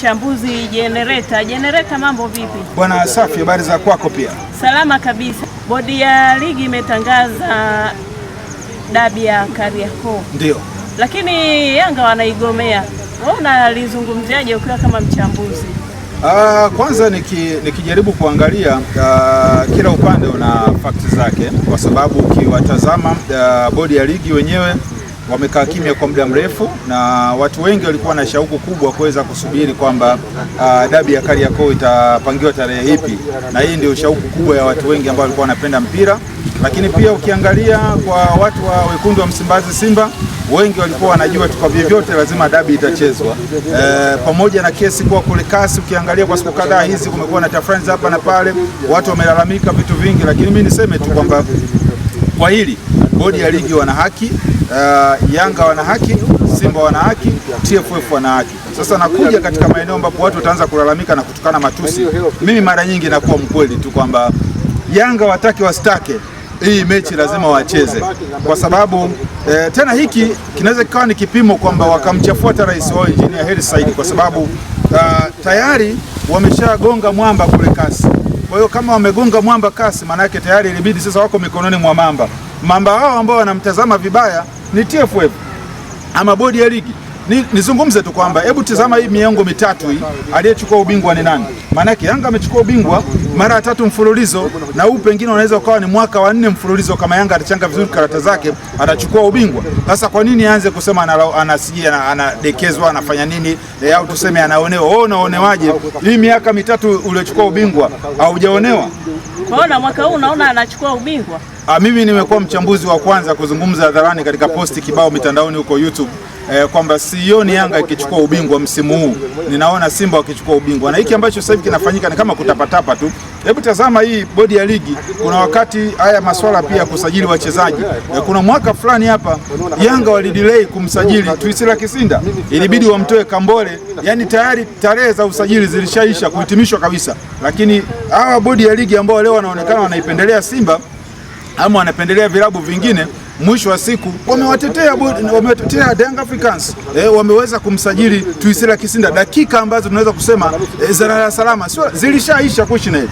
mchambuzi Jenereta. Jenereta, mambo vipi bwana? Safi, habari za kwako? Pia salama kabisa. Bodi ya ligi imetangaza dabi ya Kariakoo, ndio, lakini Yanga wanaigomea. Wewe unalizungumziaje ukiwa kama mchambuzi? Uh, kwanza niki, nikijaribu kuangalia uh, kila upande una fakti zake, kwa sababu ukiwatazama uh, bodi ya ligi wenyewe wamekaa kimya kwa muda mrefu, na watu wengi walikuwa na shauku kubwa kuweza kusubiri kwamba uh, dabi ya Kariakoo itapangiwa tarehe ipi, na hii ndio shauku kubwa ya watu wengi ambao walikuwa wanapenda mpira. Lakini pia ukiangalia kwa watu wa wekundu wa Msimbazi, Simba, wengi walikuwa wanajua tu kwa vyovyote lazima dabi itachezwa, e, pamoja na kesi kuwa kule kasi. Ukiangalia kwa siku kadhaa hizi kumekuwa na tafrani hapa na pale, watu wamelalamika vitu vingi, lakini mimi niseme tu kwamba kwa hili bodi ya ligi wana haki uh, Yanga wana haki, Simba wana haki, TFF wana haki. Sasa nakuja katika maeneo ambapo watu wataanza kulalamika na kutukana matusi, mimi mara nyingi nakuwa mkweli tu kwamba Yanga watake wastake hii mechi lazima wacheze kwa sababu eh, tena hiki kinaweza kikawa ni kipimo kwamba wakamchafua hata rais wao Injinia Hersi Said kwa sababu uh, tayari wameshagonga mwamba kule kasi. Kwa hiyo kama wamegonga mwamba kasi, maana yake tayari ilibidi sasa wako mikononi mwa mamba mamba wao ambao wanamtazama vibaya ni TFF ama bodi ya ligi nizungumze ni tu kwamba hebu tizama hii miongo mitatu hii aliyechukua ubingwa ni nani? Maanake Yanga amechukua ubingwa mara ya tatu mfululizo, na huu pengine unaweza ukawa ni mwaka wa nne mfululizo, kama Yanga atachanga vizuri karata zake, atachukua ubingwa. Sasa kwa nini aanze kusema ana, anadekezwa, anafanya nini e, au tuseme anaonewa? Wewe unaonewaje? Hii miaka mitatu uliochukua ubingwa haujaonewa? Kwaona mwaka huu unaona anachukua ubingwa. Ah, mimi nimekuwa mchambuzi wa kwanza kuzungumza hadharani katika posti kibao mitandaoni huko YouTube eh, kwamba sioni Yanga ikichukua ubingwa msimu huu, ninaona Simba wakichukua ubingwa, na hiki ambacho sasa hivi kinafanyika ni kama kutapatapa tu. Hebu tazama hii bodi ya ligi, kuna wakati haya maswala pia kusajili wachezaji. Eh, kuna mwaka fulani hapa Yanga walidelay kumsajili Twisila Kisinda, ilibidi wamtoe Kambole, yani tayari tarehe za usajili zilishaisha kuhitimishwa kabisa, lakini hawa bodi ya ligi ambao leo wanaonekana wanaipendelea Simba ama wanapendelea vilabu vingine mwisho wa siku wamewatetea wamewatetea Young Africans eh, wameweza kumsajili Tuisila Kisinda dakika ambazo tunaweza kusema eh, za lala salama sio zilishaisha kuishi naye.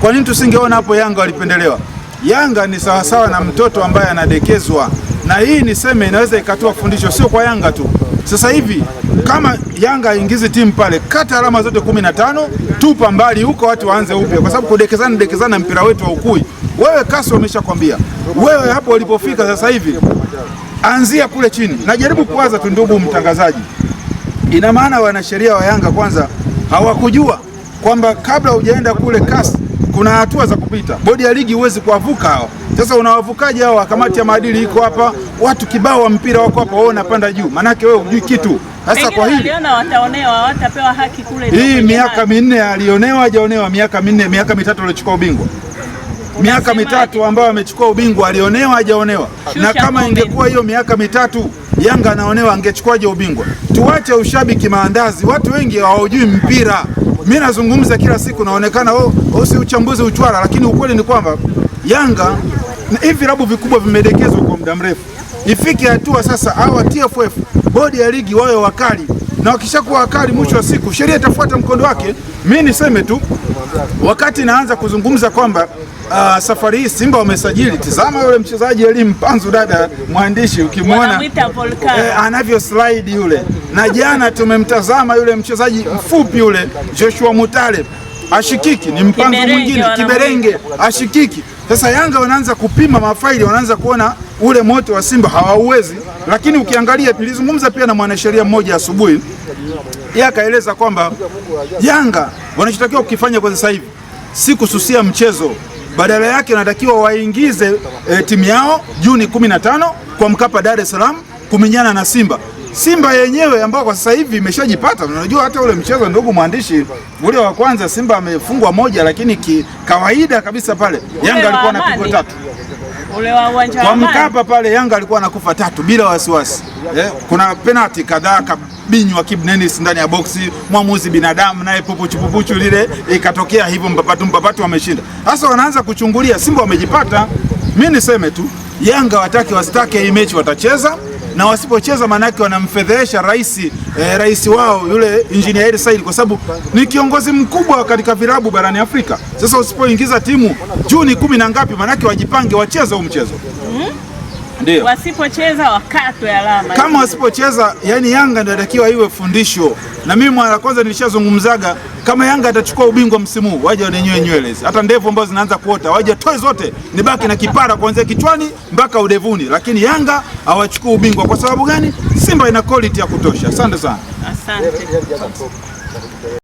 Kwa nini tusingeona hapo Yanga walipendelewa? Yanga ni sawasawa na mtoto ambaye anadekezwa, na hii niseme inaweza ikatoa fundisho sio kwa Yanga tu. Sasa hivi kama Yanga ingizi timu pale, kata alama zote kumi na tano, tupa mbali huko, watu waanze upya, kwa sababu kudekezana dekezana mpira wetu haukui. Wewe kasi wameshakwambia wewe, hapo ulipofika sasa hivi, anzia kule chini. Najaribu kuwaza tu, ndugu mtangazaji, ina maana wanasheria wa Yanga kwanza hawakujua kwamba kabla hujaenda kule kasi kuna hatua za kupita. Bodi ya ligi huwezi kuwavuka hao. Sasa unawavukaje hao? Kamati ya maadili iko hapa, watu kibao wa mpira wako hapa, wao unapanda juu, maanake wewe hujui kitu. Sasa kwa hili wataonewa, watapewa haki kule. Hii miaka minne alionewa, hajaonewa miaka minne, miaka mitatu aliochukua ubingwa miaka mitatu ambayo amechukua ubingwa alionewa, hajaonewa? Na kama ingekuwa hiyo miaka mitatu Yanga anaonewa, angechukuaje ubingwa? Tuwache ushabiki maandazi, watu wengi hawajui mpira. Mimi nazungumza kila siku, naonekana oh, oh, si uchambuzi uchwara, lakini ukweli ni kwamba Yanga hivi vilabu vikubwa vimedekezwa kwa muda mrefu. Ifike hatua sasa hawa TFF, bodi ya ligi, wawe wakali na wakishakuwa wakali, mwisho wa siku sheria itafuata mkondo wake. Mimi niseme tu, wakati naanza kuzungumza kwamba Uh, safari hii Simba wamesajili, tizama yule mchezaji elimu panzu dada mwandishi, ukimwona eh, anavyo slide yule, na jana tumemtazama yule mchezaji mfupi yule Joshua Mutale, ashikiki ni mpango mwingine, Kiberenge ashikiki. Sasa Yanga wanaanza kupima mafaili, wanaanza kuona ule moto wa Simba hawauwezi. Lakini ukiangalia, nilizungumza pia na mwanasheria mmoja asubuhi, yeye akaeleza kwamba Yanga wanachotakiwa kukifanya kwa sasa hivi si kususia mchezo, badala yake wanatakiwa waingize e, timu yao Juni 15 kwa Mkapa Dar es Salaam kuminyana na Simba Simba yenyewe ambao kwa sasa hivi imeshajipata. Unajua hata ule mchezo, ndugu mwandishi, ule wa kwanza Simba amefungwa moja, lakini kawaida kabisa pale Yanga alikuwa anapigwa tatu kwa Mkapa pale Yanga alikuwa anakufa tatu bila wasiwasi eh. Kuna penalti kadhaa kabinywa kibnenis ndani ya boksi, mwamuzi binadamu naye pupuchu pupuchu lile ikatokea hivyo, mpapatu mpapatu, wameshinda sasa. Wanaanza kuchungulia Simba wamejipata. Mi niseme tu Yanga watake wasitake, hii mechi watacheza na wasipocheza maanake wanamfedhesha rais eh, rais wao yule Injinia Hersi Said, kwa sababu ni kiongozi mkubwa katika vilabu barani Afrika. Sasa usipoingiza timu Juni kumi na ngapi, maanake wajipange wacheze huu mchezo. Ndio. Wasipocheza wakatwe alama. Kama wasipocheza, yani Yanga ndio atakiwa iwe fundisho. Na mimi mara kwanza nilishazungumzaga kama Yanga atachukua ubingwa msimu huu, waje wanenyewe nywele, hata ndevu ambazo zinaanza kuota, waje toe zote, nibaki na kipara kuanzia kichwani mpaka udevuni. Lakini Yanga hawachukui ubingwa kwa sababu gani? Simba ina quality ya kutosha. Asante sana. Asante.